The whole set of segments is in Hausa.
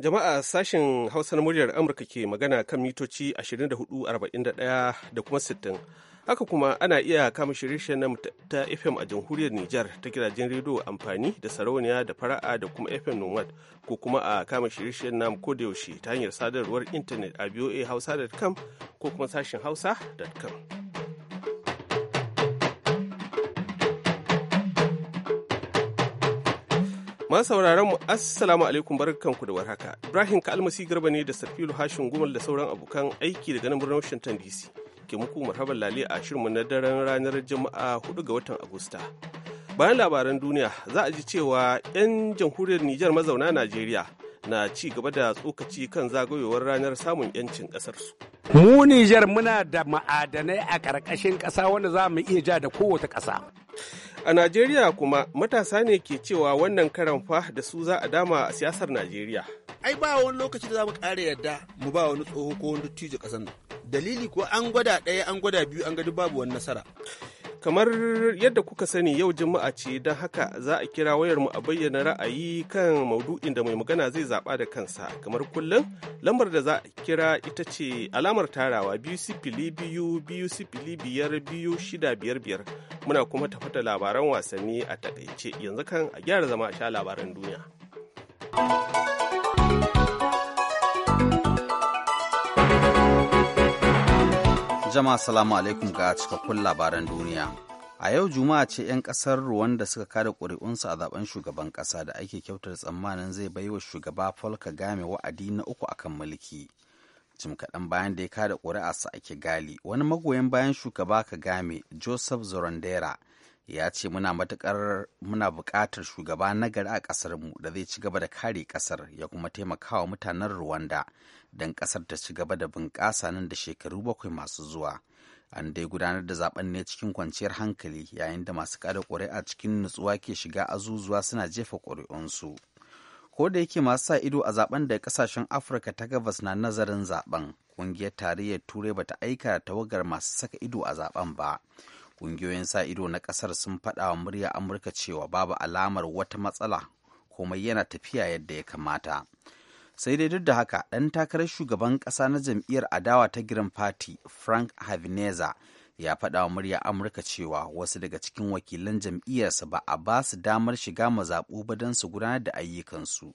Jama'a sashen Hausa na muryar Amurka ke magana kan mitoci 24,41 da kuma 60. Haka kuma ana iya kama shirye na ta FM a jamhuriyar Nijar ta gidajen rediyo amfani da sarauniya da fara'a da kuma FM Nomad ko kuma a kama shirye na ko yaushe ta hanyar sadarwar intanet a voahausa.com ko kuma sashen hausa.com. Masu sauraron mu assalamu alaikum ku da warhaka. Ibrahim Kalmasi Garba ne da Sarfilu Hashin Gumal da sauran abokan aiki daga nan birnin Washington DC. Ke muku marhaban lale a shirinmu na daren ranar Juma'a 4 ga watan Agusta. Bayan labaran duniya za a ji cewa 'yan jamhuriyar Nijar mazauna Najeriya na ci gaba da tsokaci kan zagayowar ranar samun 'yancin ƙasarsu. Mu Nijar muna da ma'adanai a ƙarƙashin ƙasa wanda za mu iya ja da kowace ƙasa. A Najeriya kuma matasa ne ke cewa wannan karan fa da su za a dama a siyasar Najeriya. Ai ba wani lokaci da za mu ƙara yadda mu ba wani tsoho ko wani dattijo ƙasar nan. dalili ko an gwada ɗaya an gwada biyu an gadi babu wani nasara kamar yadda kuka sani yau juma'a ce don haka za a kira wayarmu a bayyana ra'ayi kan maudu'in da mai magana zai zaɓa da kansa kamar kullum lambar da za a kira ita ce alamar tarawa biyu sifili biyu biyu sifili biyar biyu shida biyar biyar muna kuma tafa da labaran wasanni a takaice yanzu kan a gyara zama a sha labaran duniya Jama'a salamu alaikum ga cikakkun labaran duniya. A yau Juma'a ce 'yan ƙasar da suka kada ƙuri'unsu a zaben shugaban ƙasa da ake kyautar tsammanin zai baiwa shugaba Paul Kagame wa'adi na uku akan mulki. Jim kaɗan bayan da ya kada ƙuri'arsa a Kigali, wani magoyan bayan shugaba Kagame, Joseph Zorandera, ya ce muna matukar muna buƙatar shugaba nagari a a ƙasarmu da zai ci gaba da kare ƙasar ya kuma taimakawa mutanen Rwanda don ƙasar ta ci gaba da bunƙasa nan da shekaru bakwai masu zuwa. An dai gudanar da zaben ne cikin kwanciyar hankali yayin da masu kada ƙuri'a cikin nutsuwa ke shiga azuzuwa suna jefa ƙuri'unsu. Ko da yake masu sa ido a zaben da kasashen Afirka ta gabas na nazarin zaben, ƙungiyar tarayyar Turai bata aika tawagar masu saka ido a zaben ba. Ƙungiyoyin sa ido na ƙasar sun faɗa wa murya Amurka cewa babu alamar wata matsala komai yana tafiya yadda ya kamata. Sai dai duk da haka ɗan takarar shugaban ƙasa na jam'iyyar adawa ta Green Party Frank Havineza ya faɗa wa murya Amurka cewa wasu daga cikin wakilan jam'iyyarsa ba a ba su damar shiga mazaɓu ba don su gudanar da ayyukansu.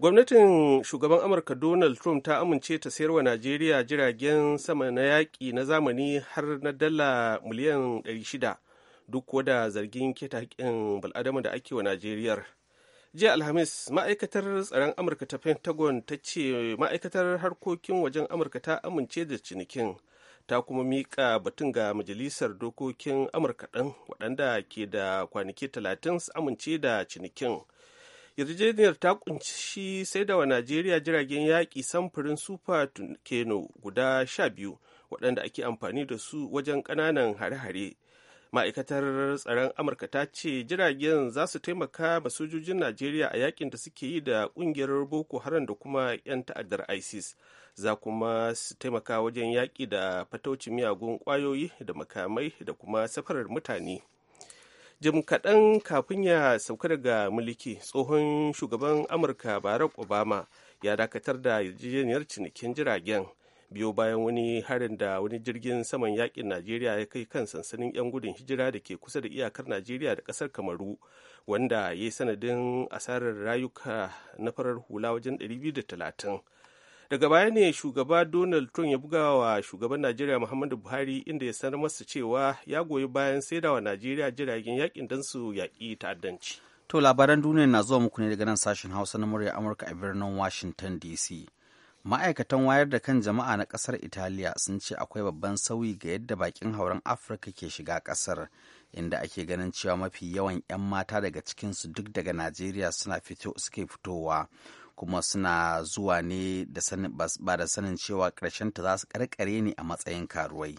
gwamnatin shugaban amurka donald trump ta amince ta sayar wa najeriya jiragen sama na yaƙi na zamani har na dala miliyan 600 duk wada zargin keta haƙƙin bal'adama da ake wa najeriyar jiya alhamis ma'aikatar tsaron amurka ta pentagon ta ce ma'aikatar harkokin wajen amurka ta amince da cinikin ta kuma miƙa batun ga majalisar dokokin amurka ɗin waɗanda ke da kwanaki 30 su amince da cinikin yarjejeniyar ta kunshi sai da wa najeriya jiragen yaƙi samfurin super keno guda sha biyu waɗanda ake amfani da su wajen ƙananan hare-hare ma'aikatar tsaron amurka ta ce jiragen za su taimaka ma sojojin najeriya a yakin da suke yi da ƙungiyar boko haram da kuma 'yan ta'addar isis za kuma su taimaka wajen yaƙi da fataucin miyagun ƙwayoyi da makamai da kuma safarar mutane jim kaɗan kafin ya sauka daga mulki tsohon shugaban amurka barack obama ya dakatar da yarjejeniyar cinikin jiragen biyo bayan wani harin da wani jirgin saman yakin najeriya ya kai kan sansanin 'yan gudun hijira da ke kusa da iyakar najeriya da ƙasar kamaru wanda ya yi sanadin asarar rayuka na farar hula wajen 230 daga baya ne shugaba donald trump ya buga wa shugaban najeriya muhammadu buhari inda ya sanar masa cewa ya goyi bayan wa najeriya jiragen yakin don su yaƙi ta'addanci to labaran duniya na zuwa muku ne daga nan sashen hausa na murya amurka a birnin washington dc ma'aikatan wayar da kan jama'a na kasar italiya sun ce akwai babban sauyi ga yadda bakin hauren afirka ke shiga kasar inda ake ganin cewa mafi yawan 'yan mata daga cikinsu duk daga najeriya suna fito suke fitowa kuma suna zuwa ne ba da sanin cewa ta za su karkare ne a matsayin karuwai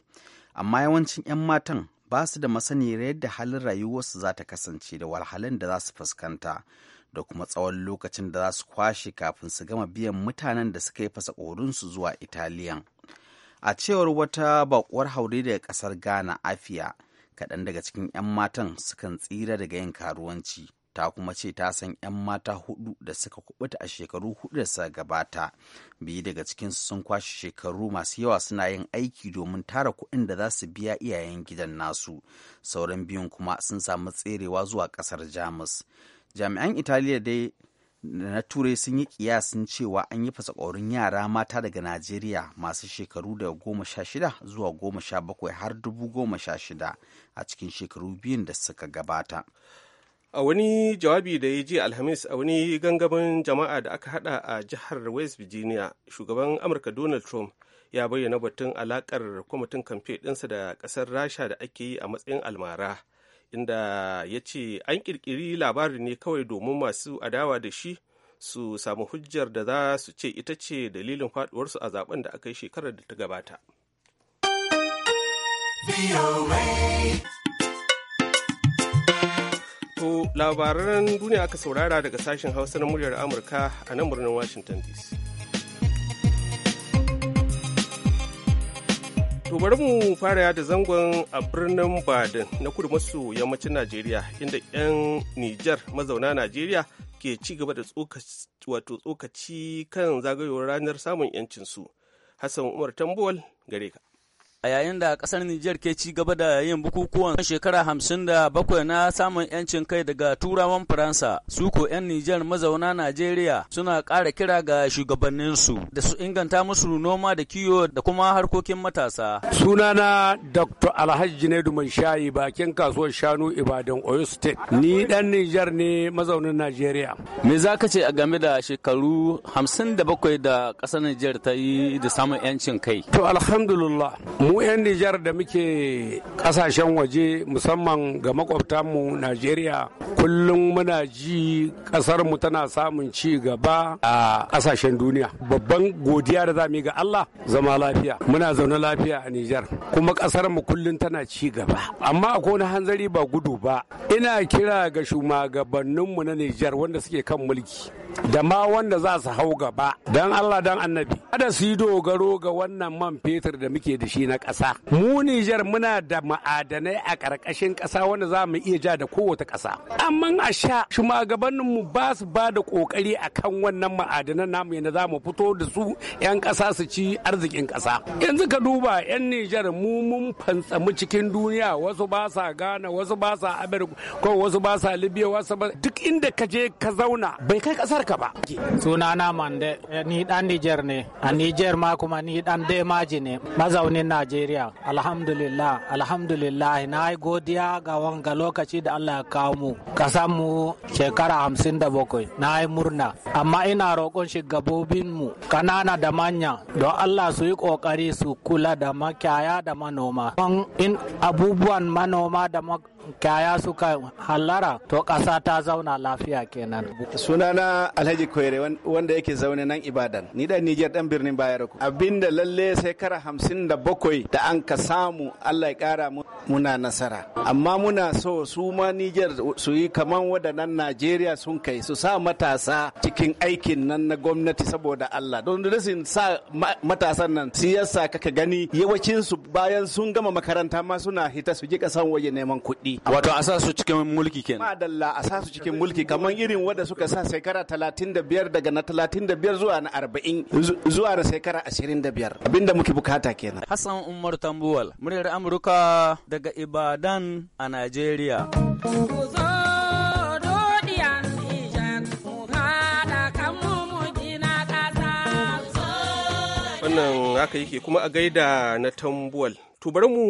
amma yawancin 'yan matan ba su da masaniyar yadda halin rayuwarsu za ta kasance da walhalin da za su fuskanta da kuma tsawon lokacin da za su kwashe kafin su gama biyan mutanen da suka yi fasa ƙorinsu zuwa Italiya. a cewar wata bakuwar haure daga ƙasar ghana afiya kaɗan daga cikin 'yan matan sukan tsira daga yin karuwanci ta kuma ce ta san 'yan mata hudu da suka kubuta a shekaru hudu da suka gabata biyu daga cikinsu sun kwashe shekaru masu yawa suna yin aiki domin tara kuɗin da za su biya iyayen gidan nasu sauran biyun kuma sun samu tserewa zuwa ƙasar jamus jami'an italiya dai na turai sun yi kiyasin cewa an yi fasakorin yara mata daga najeriya masu shekaru daga goma sha shida zuwa goma sha bakwai har dubu goma sha shida a cikin shekaru biyun da suka gabata a wani jawabi da ya ji alhamis a wani gangamin jama'a da aka hada a jihar west virginia shugaban amurka donald trump ya bayyana batun alakar kwamitin kamfe ɗinsa da ƙasar rasha da ake yi a matsayin almara inda ya ce an ƙirƙiri labarin ne kawai domin masu adawa da shi su samu hujjar da za su ce ita ce dalilin faduwarsu a zaben da aka yi shekarar da ta gabata. To labaran duniya aka saurara daga sashen Hausa na muryar Amurka a nan birnin Washington DC. To bari mu fara yada zangon a birnin Badin na kudu maso yammacin Najeriya inda 'yan Nijar mazauna Najeriya ke ci gaba da tsokaci kan zagayowar ranar samun 'yancinsu. Hassan Umar Tambuwal gare ka. a yayin da kasar Nijar ke ci gaba da yin bukukuwan shekara hamsin da bakwai na samun yancin kai daga turawan Faransa, su ko 'yan Nijar mazauna Najeriya suna ƙara kira ga shugabanninsu da su inganta musu noma da kiwo da kuma harkokin matasa. Sunana Dr. Alhaji Junaidu Manshayi bakin kasuwar shanu Ibadan Oyo State. Ni ɗan Nijar ne mazaunin Najeriya. Me za ka ce a game da shekaru hamsin da bakwai da ƙasar Nijar ta yi da samun yancin kai? To alhamdulillah mu 'yan nijar da muke kasashen waje musamman ga mu najeriya kullum muna ji mu tana samun ci gaba a kasashen duniya babban godiya da zamu ga allah zama lafiya muna zaune lafiya a nijar kuma mu kullum tana ci gaba amma akwai wani hanzari ba gudu ba ina kira ga shugabanninmu na nijar wanda suke kan mulki da ma wanda za su hau gaba Dan allah don annabi kada su yi dogaro ga wannan man fetur da muke da shi na ƙasa mu Nijar muna da ma'adanai a ƙarƙashin ƙasa wanda za mu iya ja da kowace ƙasa amma a sha shugabanninmu ba su ba da ƙoƙari a kan wannan ma'adanan namu yadda za mu fito da su 'yan ƙasa su ci arzikin ƙasa yanzu ka duba 'yan Nijar mu mun fantsamu cikin duniya wasu ba sa Ghana wasu ba sa America ko wasu ba sa Libya wasu ba duk inda ka je ka zauna bai kai ƙasar ka ba sunana mande ni dan Nijar ne a Nijar ma kuma ni dan Demaji ne mazaunin Najeriya Najeriya. Alhamdulillah, alhamdulillah na yi godiya ga wanga lokaci da Allah ya kawo mu. Kasan mu shekara hamsin da bakwai na yi murna. Amma ina roƙon shugabobin mu kanana da manya don Allah su yi ƙoƙari su kula da makiyaya da manoma. In abubuwan manoma da kaya suka hallara to ƙasa ta zauna lafiya kenan. Sunana Alhaji Koyere wanda yake zaune nan Ibadan. Ni da Niger dan birnin Bayero. Abinda lalle sai kara hamsin da bakwai da an ka samu Allah ya kara muna nasara. Amma muna so su ma Niger su yi kaman waɗannan Najeriya sun kai su sa matasa cikin aikin nan na gwamnati saboda Allah. Don sun sa matasan nan siyasa kaka gani yawancin su bayan sun gama makaranta ma suna hita su ji kasan waje neman kuɗi. wato a sa su cikin mulki kenan dalla a sa su cikin mulki kamar irin wanda suka sa shekara 35 daga na 35 zuwa na 40 zuwa na shekara 25 abinda muke bukata kenan Hassan Umar Tambuwal muryar Amurka daga Ibadan a Najeriya wannan haka yake kuma a gaida na tambuwal To bari mu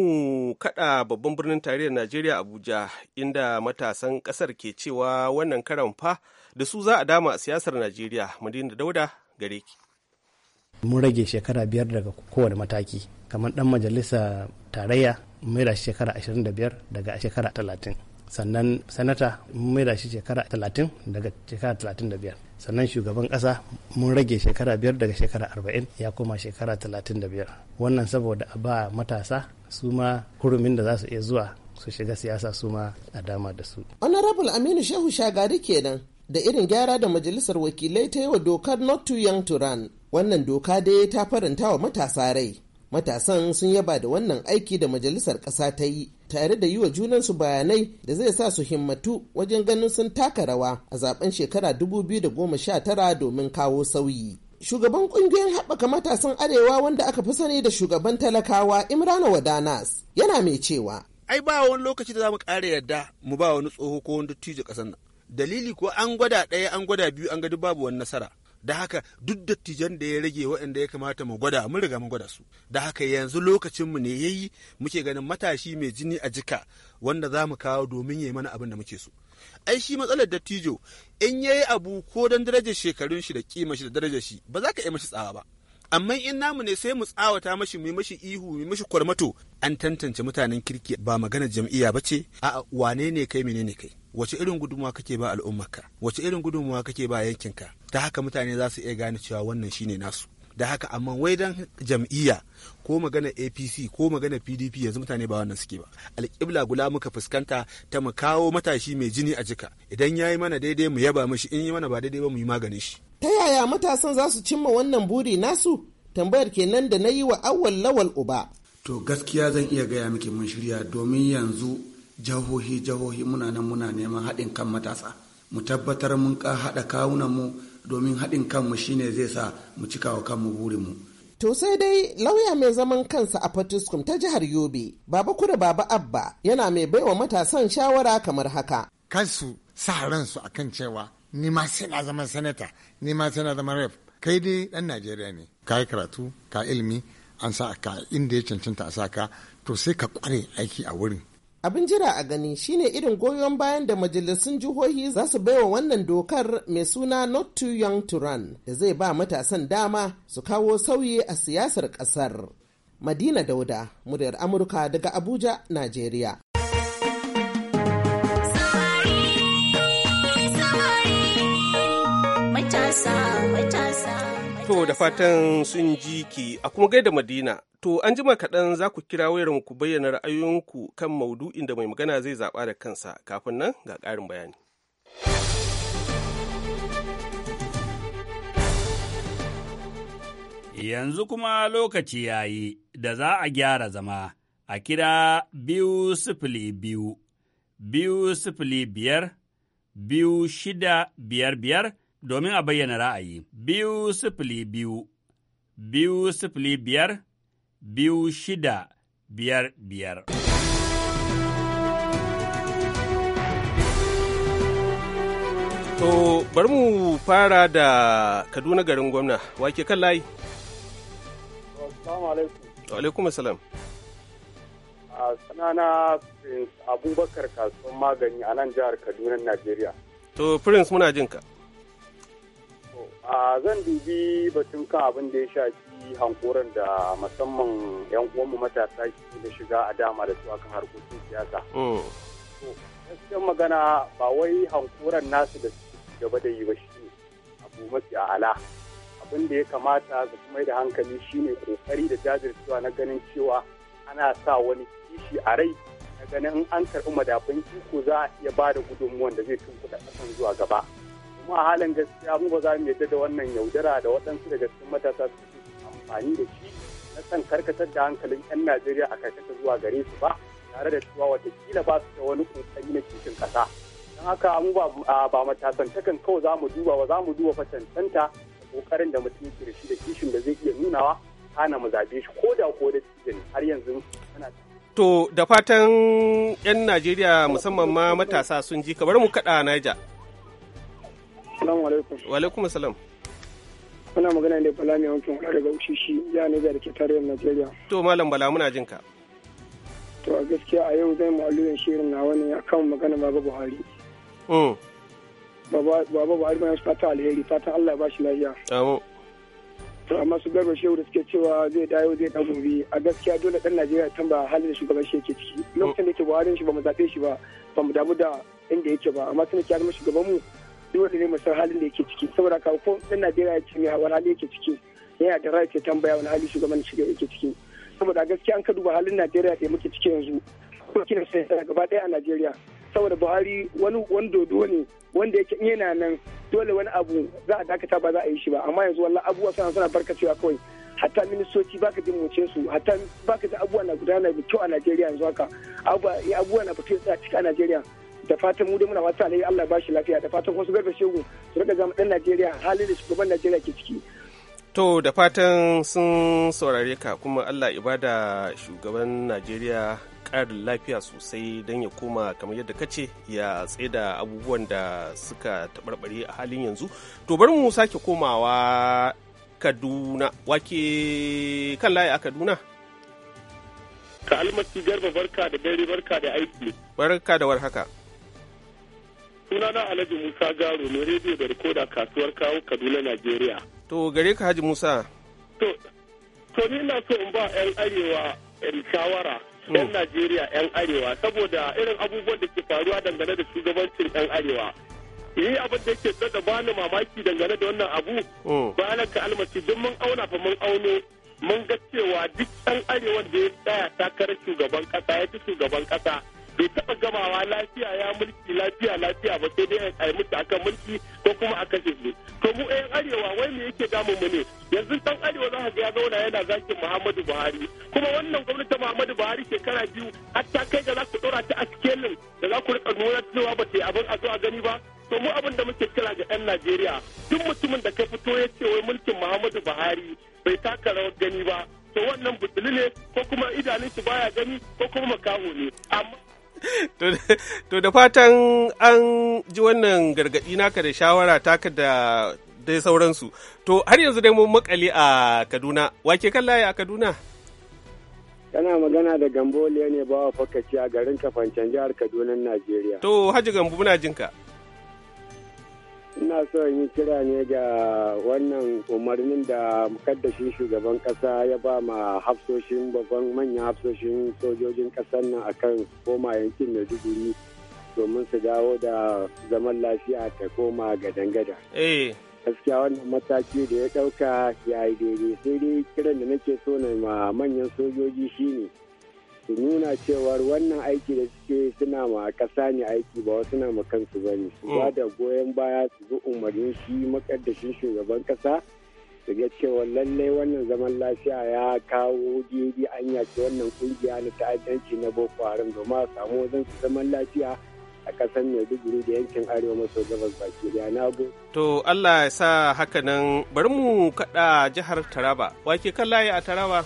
kada babban birnin tarihin Najeriya Abuja inda matasan kasar ke cewa wannan karan fa da su za a dama a siyasar Najeriya Madina Dauda gare ki. Mun rage shekara biyar daga kowane mataki kamar dan majalisa tarayya mai da shekara 25 daga shekara 30. sannan sanata mun maida shi shekara 30 daga shekara 35 sannan shugaban kasa mun rage shekara biyar daga shekara 40 ya koma shekara 35 wannan saboda a ba matasa su ma hurumin da za su iya zuwa su shiga siyasa su ma a dama da su. honorable aminu shehu shagari kenan da irin gyara da majalisar wakilai ta yi wa dokar not too young to run wannan doka dai ta faranta wa matasa rai matasan sun yaba da wannan aiki da majalisar ƙasa ta yi tare da yi wa junansu bayanai da zai sa su himmatu wajen ganin sun taka rawa a zaben shekara 2019 domin kawo sauyi. Shugaban ƙungiyoyin haɓaka matasan arewa wanda aka fi sani da shugaban talakawa Imrana Wadanas yana mai cewa. Ai ba wani lokaci da za mu ƙara yarda mu ba wani tsoho ko wani dattijo ƙasar nan. Dalili ko an gwada ɗaya an gwada biyu an ga duk babu wani nasara. da haka duk dattijan da ya rage waɗanda ya kamata mu gwada mun riga mun gwada su da haka yanzu lokacinmu ne yayi muke ganin matashi mai jini a jika wanda za mu kawo domin yayi mana abin da muke so ai shi matsalar dattijo in yayi abu ko don darajar shekarun shi da kima shi da darajar shi ba za ka yi mashi tsawa ba amma in namu ne sai mu tsawata mashi mu mashi ihu mu mashi kwarmato an tantance mutanen kirki ba magana jam'iyya ba ce a'a wane ne kai menene kai wace irin gudunmawa kake ba al'ummarka wace irin gudunmawa kake ba yankinka ta haka mutane za su iya gane cewa wannan shine nasu da haka amma wai dan jam'iyya ko magana apc ko magana pdp yanzu mutane ba wannan suke ba alƙibla gula muka fuskanta ta mu kawo matashi mai jini a jika idan ya yi mana daidai mu yaba mishi in yi mana ba daidai ba mu yi maganin shi ta yaya matasan za su cimma wannan buri nasu tambayar kenan da na yi wa awwal lawal uba to gaskiya zan iya gaya miki mun shirya domin yanzu jahohi jahohi muna nan muna neman haɗin kan matasa mu tabbatar mun ka haɗa kawunan mu domin haɗin kanmu shine zai sa mu cika wa kanmu mu To sai dai lauya mai zaman kansa a Fatiskum ta jihar Yobe, Baba Kuda Baba Abba yana mai baiwa matasan shawara kamar haka. Kansu sa ransu akan cewa ni ma sai na zama sanata, ni ma sai na zama rep. Kai dai ɗan Najeriya ne, ka yi karatu, ka ilimi, an sa ka inda ya cancanta a sa ka to sai ka kware aiki a wurin. Abin jira a gani shine irin goyon bayan da majalisun jihohi za su baiwa wannan dokar mai suna Not Too Young to Run da zai ba matasan dama su kawo sauyi a siyasar ƙasar. Madina Dauda, muryar Amurka daga Abuja, Najeriya. To da fatan sun ji ki a kuma gaida Madina To an jima kaɗan za ku kira wayar ku bayyana ra'ayoyinku kan maudu'in da mai magana zai zaɓa da kansa kafin nan ga ƙarin bayani. Yanzu kuma lokaci ya yi da za a gyara zama a kira biyu sifili biyu, biyu sifili biyar, biyu shida biyar biyar domin a bayyana ra'ayi. Biyu sifili biyu, biyu sifili biyar, biyu shida biyar biyar. To bari mu fara da Kaduna garin gwamna, wake kan layi. alaikum. salam. A na Prince Abubakar kasuwan magani a nan jihar Kaduna, Najeriya. To Prince muna jinka. a zan dubi batun kan abin da ya shafi hankoran da musamman yan uwanmu matasa ke da shiga a dama da su kan harkokin siyasa oh. gaskiyar magana ba wai hankoran nasu da su gaba da yi ba shi ne abu mafi ala abin da ya kamata su kuma da hankali ne kokari da jajircewa na ganin cewa ana sa wani kishi a rai na ganin an karɓi madafin iko za a iya ba da gudunmuwan da zai tunkuɗa ƙasan zuwa gaba kuma halin gaskiya mu ba za mu yadda da wannan yaudara da waɗansu daga cikin matasa suke amfani da shi na san karkatar da hankalin 'yan Najeriya a karkata zuwa gare su ba tare da cewa watakila ba su da wani kokari na cikin kasa Don haka mu ba matasan takan kawai za mu duba ba za mu duba fatantanta kokarin da mutum ke da shi da kishin da zai iya nunawa hana mu zabe shi ko da ko da cikin har yanzu tana To da fatan 'yan Najeriya musamman ma matasa sun ji kamar mu kaɗa Niger. Salamu alaikum. Wa alaikum salam. Muna magana ne Bala mai wankin hula daga Ushishi, ya ne da ke tarayyar Najeriya. To Malam Bala muna jin ka. To a gaskiya a yau zai mu'alluyin shirin na wani a kan magana Baba Buhari. Mm. Baba Buhari bayan fata alheri, fatan Allah ya ba shi lafiya. Amo. To amma su garba shehu da suke cewa zai dawo zai dago gobe a gaskiya dole ɗan Najeriya ya tambaya halin da shugaban shi yake ciki. Lokacin da yake Buhari shi ba mu zaɓe shi ba, ba mu damu da inda yake ba, amma tun da ya zama shugaban mu dole ne mu san halin da yake ciki saboda ka ko ɗan Najeriya ya ce mai hawan hali yake ciki yana da right ke tambaya wani hali shugaban shiga yake ciki saboda gaskiya an ka duba halin Najeriya da muke ciki yanzu ko kina sai gaba daya a Najeriya saboda Buhari wani wando dodo ne wanda yake yana nan dole wani abu za a dakata ba za a yi shi ba amma yanzu wallahi abubuwa suna suna barkacewa kawai hatta ministoci baka jin su hatta baka ji abubuwa na gudana da kyau a Najeriya yanzu haka abubuwa na fito a Najeriya da fatan mu da muna wata alai Allah ba shi lafiya da fatan wasu garba shegu su rika zama dan Najeriya halin da shugaban Najeriya ke ciki to da fatan sun saurare ka kuma Allah ibada shugaban Najeriya ƙarin lafiya sosai don ya koma kamar yadda ka ce ya tsaida abubuwan da suka taɓarɓare a halin yanzu to bari mu sake komawa kaduna wake kan layi a kaduna ka almasi garba barka da dare barka da aiki barka da warhaka haka suna na alhaji musa garo ne rediyo da rikoda kasuwar kawo kaduna nigeria. to gare ka haji musa to ni na so in ba yan arewa shawara yan hmm. nigeria yan arewa saboda irin abubuwan da ke faruwa dangane da shugabancin yan arewa yi abin da ke da ni mamaki dangane da wannan abu na hmm. ka almasi don mun auna fa mun auno mun ga cewa duk yan arewa da ya tsaya takarar shugaban kasa ya ci shugaban kasa bai taɓa gamawa lafiya ya mulki lafiya lafiya ba sai dai a yi mutu akan mulki ko kuma a kashe su to mu ɗayan arewa wai me yake damun mu ne yanzu dan arewa za ka ga ya zauna yana zakin muhammadu buhari kuma wannan gwamnati muhammadu buhari shekara biyu har ta kai ga za ku ɗora ta a cikin da za ku riƙa nuna cewa ba ta yi abin a zo a gani ba to mu abin da muke kira ga 'yan Najeriya duk mutumin da ka fito ya ce wai mulkin Muhammadu Buhari bai taka rawar gani ba to wannan butuli ne ko kuma idanun su baya gani ko kuma makaho ne amma to da fatan an ji wannan gargaɗi naka da shawara taka da dai sauransu to har yanzu dai mun makale a kaduna wake kan layi a kaduna kana magana da gambo ne ba wa fakaci a garin kafancan jihar kaduna najeriya to haji gambo muna jinka ina so in yi kira ne ga wannan umarnin da mukaddashin shugaban kasa ya ba ma hafsoshin babban manyan hafsoshin sojojin kasar nan akan koma yankin duguri domin su dawo da zaman lafiya ta koma ga dangada eh. gaskiya wannan mataki da ya ɗauka ya yi daidai sai dai kiran da nake so ma manyan sojoji shine su nuna cewar wannan aiki da suke suna ma ƙasa ne aiki ba wasu na ma kansu ba ne su ba mm. da goyon baya su zo umarnin shi makaddashin shugaban ƙasa su ga cewa lallai wannan zaman lafiya ya kawo gidi an yaki wannan kungiya na ta'addanci na boko haram domin a samu wajen su zaman lafiya a ƙasar maiduguri da yankin arewa maso gabas baki da na to allah ya sa hakanan bari mu kaɗa jihar taraba wa ke kan layi a taraba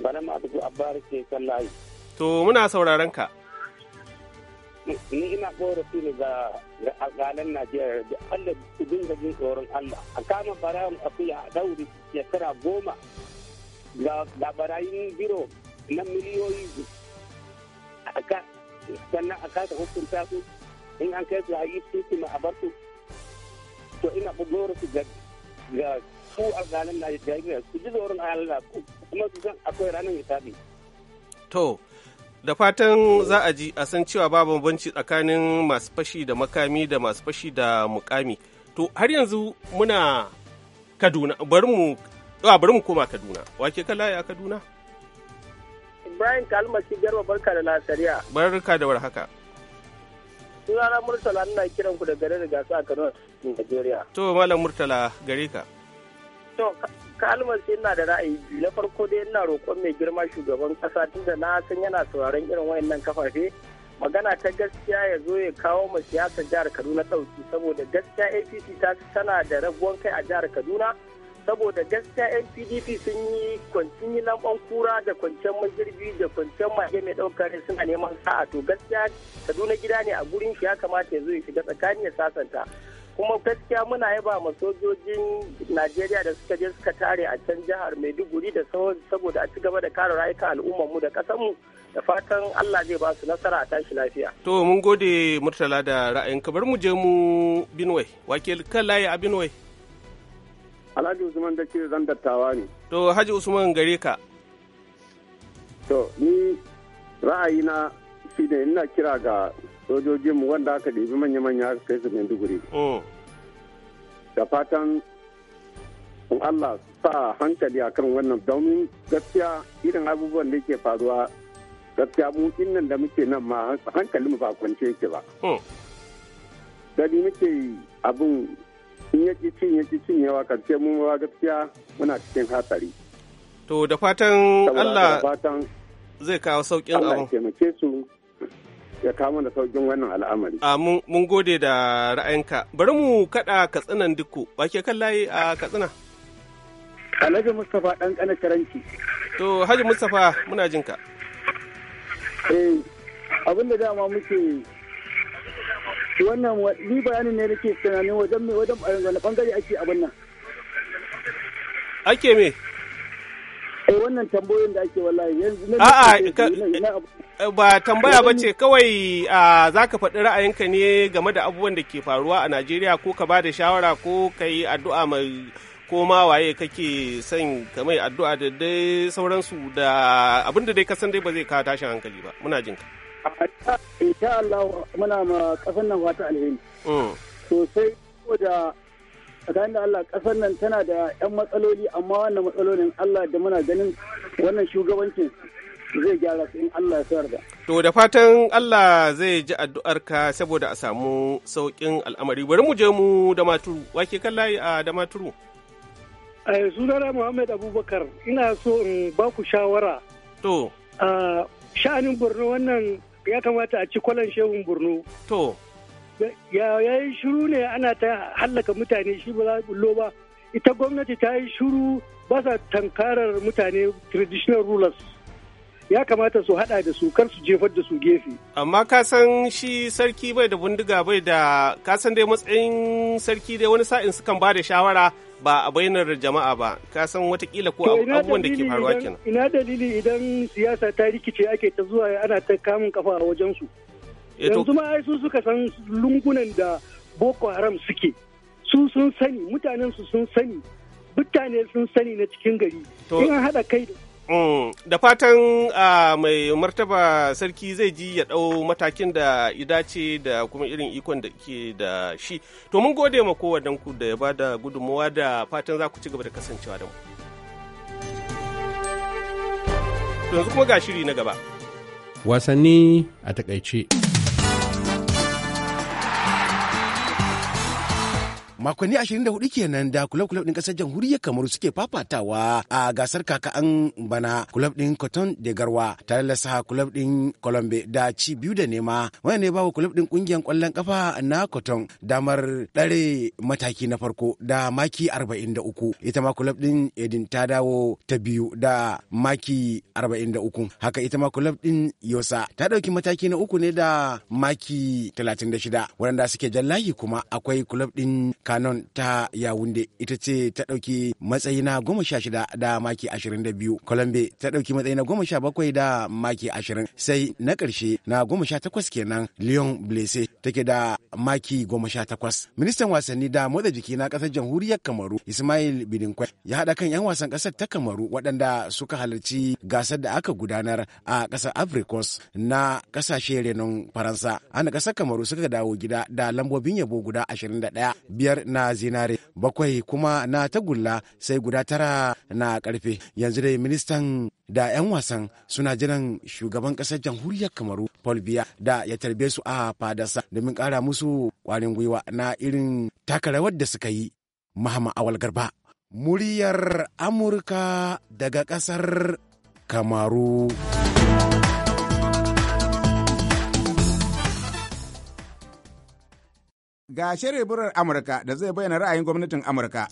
bana ma a bari ke kallahi to muna sauraron ka ni ina korafi ne ga alƙalin Najeriya da Allah su dinga jin tsoron Allah a kama barayin akuya a dauri shekara goma ga barayin biro na miliyoyi sannan a kasa hukunta su in an kai su a yi su ma a bar su to ina su ga su alƙalin Najeriya su ji tsoron Allah kuma su akwai ranar hisabi to da fatan za a ji a san cewa ba bambanci tsakanin masu fashi da makami da masu fashi da mukami to har yanzu muna kaduna bari mu bari mu koma kaduna wake kala ya kaduna ibrahim shi garba barka da lasariya barka da warhaka sunana murtala ina kiran ku da garin rigasa a kaduna nigeria to malam murtala gare ka to kalmar sai ina da ra'ayi biyu na farko dai ina roƙon mai girma shugaban ƙasa da na san yana sauraron irin wayannan kafafe magana ta gaskiya ya zo ya kawo ma siyasar jihar kaduna ɗauki saboda gaskiya apc ta tana da raguwan kai a jihar kaduna saboda gaskiya npdp sun yi kwancin yi lamban kura da kwanciyar majirbi da kwanciyar mage mai ɗaukar suna neman sa'a to gaskiya kaduna gida ne a gurin shi ya kamata ya zo ya shiga tsakani ya sasanta kuma gaskiya muna yaba ma sojojin najeriya da suka je suka tare a can jihar maiduguri da saboda a ci gaba da kare rayukan al'ummarmu da ƙasarmu da fatan allah zai ba su nasara a tashi lafiya to mun gode murtala da ra'ayin kabar mu je mu binwai wake kan layi a binwai alhaji usman da ke zan dattawa ne to haji usman gare ka to ni ra'ayina shi ne ina kira ga sojojinmu wanda aka ɗibi manya-manya aka kai su maiduguri da fatan in allah sa hankali akan wannan domin gaskiya irin abubuwan da ke faruwa gaskiya mu nan da muke nan ma hankali mu ba kwance yake ba gani muke abin in yaki cin yaki yawa karshe mu ba gaskiya muna cikin hatsari to da fatan allah zai kawo sauƙin abin ya kama da saukin wannan al'amari. A ah, mun gode da ra'ayinka. Bari mu kaɗa katsinan dukku. Ba ke kan layi a katsina? Alhaji Mustapha ɗan ƙana karanci. To Haji Mustapha muna jin ka. Eh abin da dama muke wannan ni bayanin ne nake tunanin wajen wajen bangare ake abin nan. Ake me? Eh wannan tambayoyin da ake wallahi yanzu eh, ba tambaya ba ce kawai za ka faɗi ra'ayinka ne game da abubuwan da ke faruwa a Najeriya ko ka ba da shawara ko ka yi addu'a mai ko ma waye kake son ka mai addu'a da dai sauransu da abinda dai ka san dai ba zai kawo tashin hankali ba muna jin ka. Insha Allah muna ma kasan nan wata alheri. Mm. Sosai ko da. tsakanin da Allah kasar nan tana da 'yan matsaloli amma wannan matsalolin Allah da muna ganin wannan shugabancin zai gyara su in Allah ya da. To da fatan Allah zai ji addu'arka saboda a samu sauƙin al'amari. Bari mu je mu da maturu. Wake kan layi a da maturu. Eh, sunana Muhammad Abubakar ina so in ba ku shawara. To. Ah, sha'anin Borno wannan ya kamata a ci kwalan shehun Borno. To. ya yi shiru ne ana ta hallaka mutane shi ba za bullo ba ita gwamnati ta yi shiru ba sa tankarar mutane traditional rulers ya kamata su hada da su kar su jefar da su gefe amma ka san shi sarki bai da bindiga bai da ka san dai matsayin sarki dai wani sa'in sukan ba da shawara ba a bainar jama'a ba ka san watakila ko abubuwan da ke faruwa kenan ina dalili idan siyasa ta rikice ake ta zuwa ana ta kamun kafa a wajen su Eh, yanzu ma ai su suka san lungunan da boko haram suke su sun sani mutanen su sun sani mutane sun sani na cikin gari in an haɗa kai da mm, fatan mai martaba sarki zai ji ya ɗau matakin da ya dace da kuma irin ikon da ke da shi to mun gode ma kowannen ku da ya bada gudunmawa da fatan za ku ci gaba da kasancewa da mu yanzu kuma ga shiri na gaba wasanni a takaice makonni 24 kenan da kulab kulab din kasar jamhuriyar kamaru suke fafatawa a gasar kaka an bana kulab din cotton de garwa ta saha kulab din colombe da ci biyu da nema wanda ne bawa kulab din kungiyar kwallon kafa na cotton damar dare mataki na farko da maki 43 ita ma kulab din edin ta dawo ta biyu da maki 43 haka ita ma kulab din yosa ta dauki mataki na uku ne da maki 36 waɗanda suke layi kuma akwai kulab din kanon ta yawunde ita ce ta ɗauki matsayi na goma sha shida da maki ashirin da biyu colombe ta ɗauki matsayi na goma sha bakwai da maki ashirin sai na ƙarshe na goma sha takwas kenan leon blese take da maki goma sha takwas ministan wasanni da motsa jiki na ƙasar jamhuriyar kamaru ismail bidinkwe ya haɗa kan 'yan wasan ƙasar ta kamaru waɗanda suka halarci gasar da aka gudanar a ƙasar africos na ƙasashe renon faransa ana ƙasar kamaru suka dawo gida da lambobin yabo guda ashirin da ɗaya biyar biyar na zinare bakwai kuma na tagulla sai guda tara na karfe yanzu dai ministan da 'yan wasan suna jiran shugaban kasar jamhuriyar kamaru paul biya da ya tarbe su a fadasa domin kara musu kwarin gwiwa na irin takarawar da suka yi mahama awal garba muryar amurka daga kasar kamaru. Ga shirin burar Amurka da zai bayyana ra'ayin gwamnatin Amurka.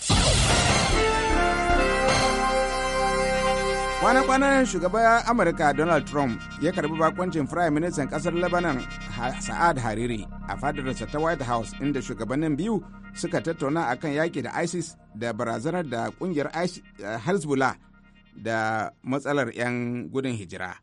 Kwanan-kwanan shugaban Amurka Donald Trump ya karbi bakoncin Firayim Ministan kasar Lebanon Sa'ad Hariri a fadarsa ta White House inda shugabannin biyu suka tattauna akan yaƙi da ISIS da barazanar da kungiyar Hezbollah da matsalar 'yan gudun hijira.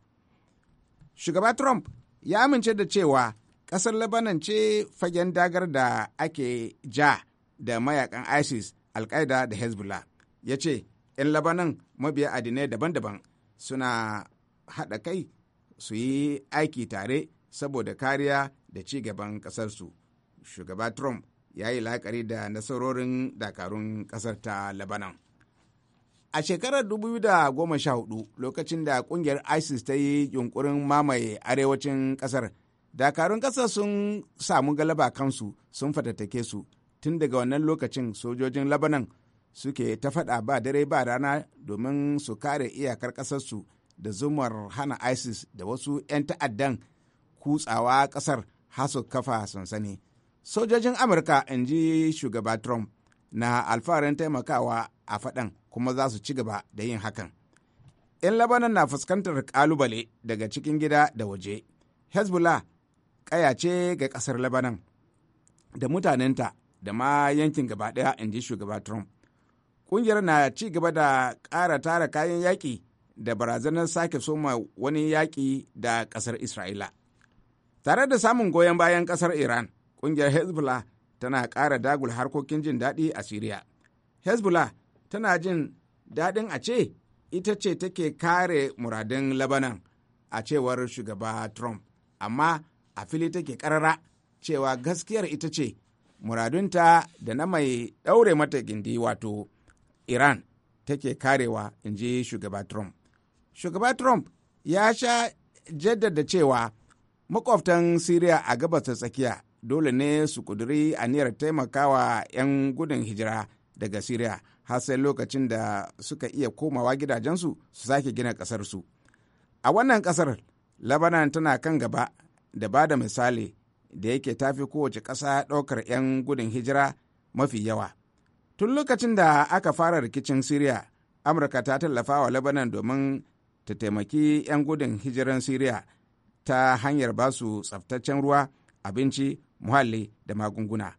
Shugaba Trump ya amince da cewa kasar lebanon ce fagen dagar da ake ja da mayakan isis alkaida da hezbollah ya ce 'yan lebanon mabiya adinai daban-daban suna haɗa kai su yi aiki tare saboda kariya da ci gaban ƙasarsu shugaba trump ya yi la'akari da nasarorin dakarun ƙasar ta lebanon a shekarar 2014 lokacin da kungiyar isis ta yi yunkurin mamaye arewacin ƙasar dakarun ƙasa sun samu galaba kansu sun fatattake su tun daga wannan lokacin sojojin labanan suke ta faɗa ba dare ba rana domin su kare iyakar ƙasarsu da zumar hana isis da wasu 'yan ta'addan kutsawa ƙasar har kafa sansani sojojin amurka in ji shugaba trump na alfaharin taimakawa a faɗan kuma za su ci gaba da yin hakan 'yan labanan na fuskantar kalubale daga cikin gida da waje hezbollah ƙayace ga ƙasar Lebanon da mutanenta da ma yankin gaba ɗaya in ji shugaba Trump. Ƙungiyar na ci gaba da ƙara tara kayan yaƙi da barazanar sake soma wani yaƙi da ƙasar Isra'ila. Tare da samun goyon bayan ƙasar Iran, ƙungiyar Hezbollah tana ƙara dagul harkokin jin daɗi a syria Hezbollah tana jin daɗin a ce ita ce take kare muradin Lebanon a cewar shugaba Trump, amma a fili take karara cewa gaskiyar ita ce muradunta da na mai ɗaure mata gindi wato iran take karewa in ji shugaba trump shugaba trump ya sha jaddada cewa makwabtan siriya a gabas ta tsakiya dole ne su kuduri aniyar taimakawa 'yan gudun hijira daga siriya har sai lokacin da suka iya komawa gidajensu su sake gina ƙasarsu a wannan kasar labanan tana kan gaba da ba da misali da yake tafi kowace ƙasa ɗaukar 'yan gudun hijira mafi yawa. Tun lokacin da aka fara rikicin Siriya, Amurka ta tallafa wa Lebanon domin ta taimaki 'yan gudun hijiran Siriya ta hanyar ba su tsaftaccen ruwa, abinci, muhalli da magunguna.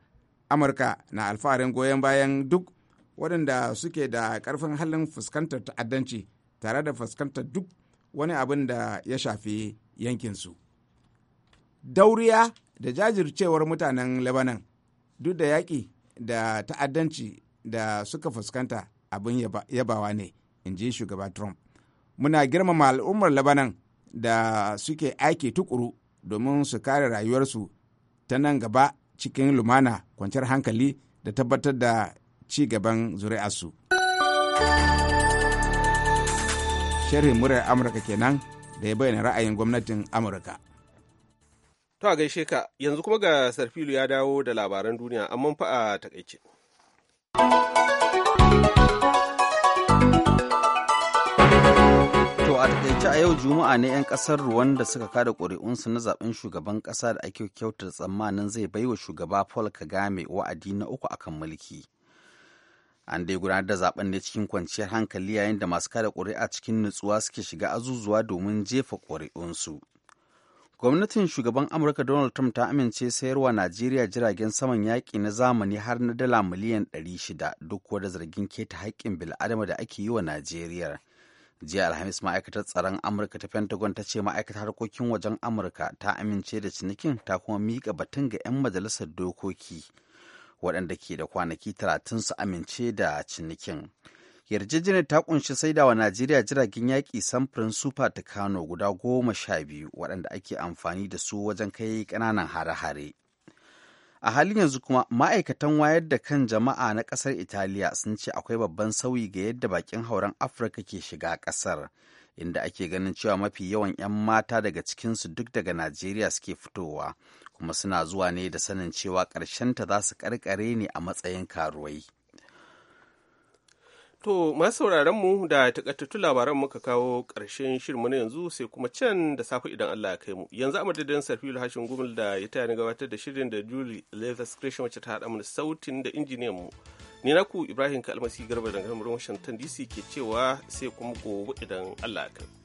Amurka na alfaharin goyon bayan duk waɗanda suke da ƙarfin halin fuskantar ta'addanci tare da fuskantar duk wani abin da ya shafi yankinsu. dauriya da jajircewar mutanen lebanon duk da yaƙi da ta'addanci da suka fuskanta abin yabawa ne in ji shugaba trump muna girmama al'ummar lebanon da suke aiki tukuru domin su kare rayuwarsu ta nan gaba cikin lumana kwanciyar hankali da tabbatar da ci gaban zuri'arsu. sharhin murar amurka kenan da ya bayyana ra'ayin gwamnatin amurka To a gaishe ka yanzu kuma ga Sarfilu ya dawo da labaran duniya amma fa a takaice. To a takaice a yau Juma'a ne 'yan kasar da suka kada ƙuri'unsu na zaɓen shugaban ƙasa da ake kyautar tsammanin zai bai wa shugaba Paul Kagame wa'adi na uku akan mulki. an dai gudanar da zaben ne cikin kwanciyar hankali yayin da masu kada ƙuri'a cikin nutsuwa suke shiga azuzuwa domin jefa ƙuri'unsu Gwamnatin shugaban Amurka Donald Trump ta amince sayarwa Najeriya jiragen saman yaƙi na zamani har na dala miliyan 600 duk wadda zargin keta haƙƙin bil'adama da ake yi wa Najeriya. Jiya Alhamis ma'aikatar tsaron Amurka ta Pentagon ta ce ma'aikatar harkokin wajen Amurka ta amince da cinikin ta kuma miƙa batun ga 'yan majalisar dokoki waɗanda ke da kwanaki 30 su amince da cinikin. yarjejeniyar ta kunshi wa najeriya jiragen yaƙi samfurin super kano guda goma sha biyu waɗanda ake amfani da su wajen kai ƙananan hare-hare a halin yanzu kuma ma'aikatan wayar da kan jama'a na ƙasar italiya sun ce akwai babban sauyi ga yadda bakin hauren afirka ke shiga ƙasar inda ake ganin cewa mafi yawan 'yan mata daga cikinsu duk daga najeriya suke fitowa kuma suna zuwa ne da sanin cewa ƙarshenta za su ƙarƙare ne a matsayin karuwai To, masu sauraronmu mu da takaitattun labaran muka kawo ƙarshen shirmu na yanzu sai kuma can da safe idan Allah ya kai mu. Yanzu a madadin Sarfilu Hashin Gumul da ya taya ni gabatar da shirin da Julie Leathers Creation wacce ta haɗa mana sautin da injiniyan mu. Ni naku Ibrahim Kalmasi Garba daga Washington DC ke cewa sai kuma gobe idan Allah ya kai mu.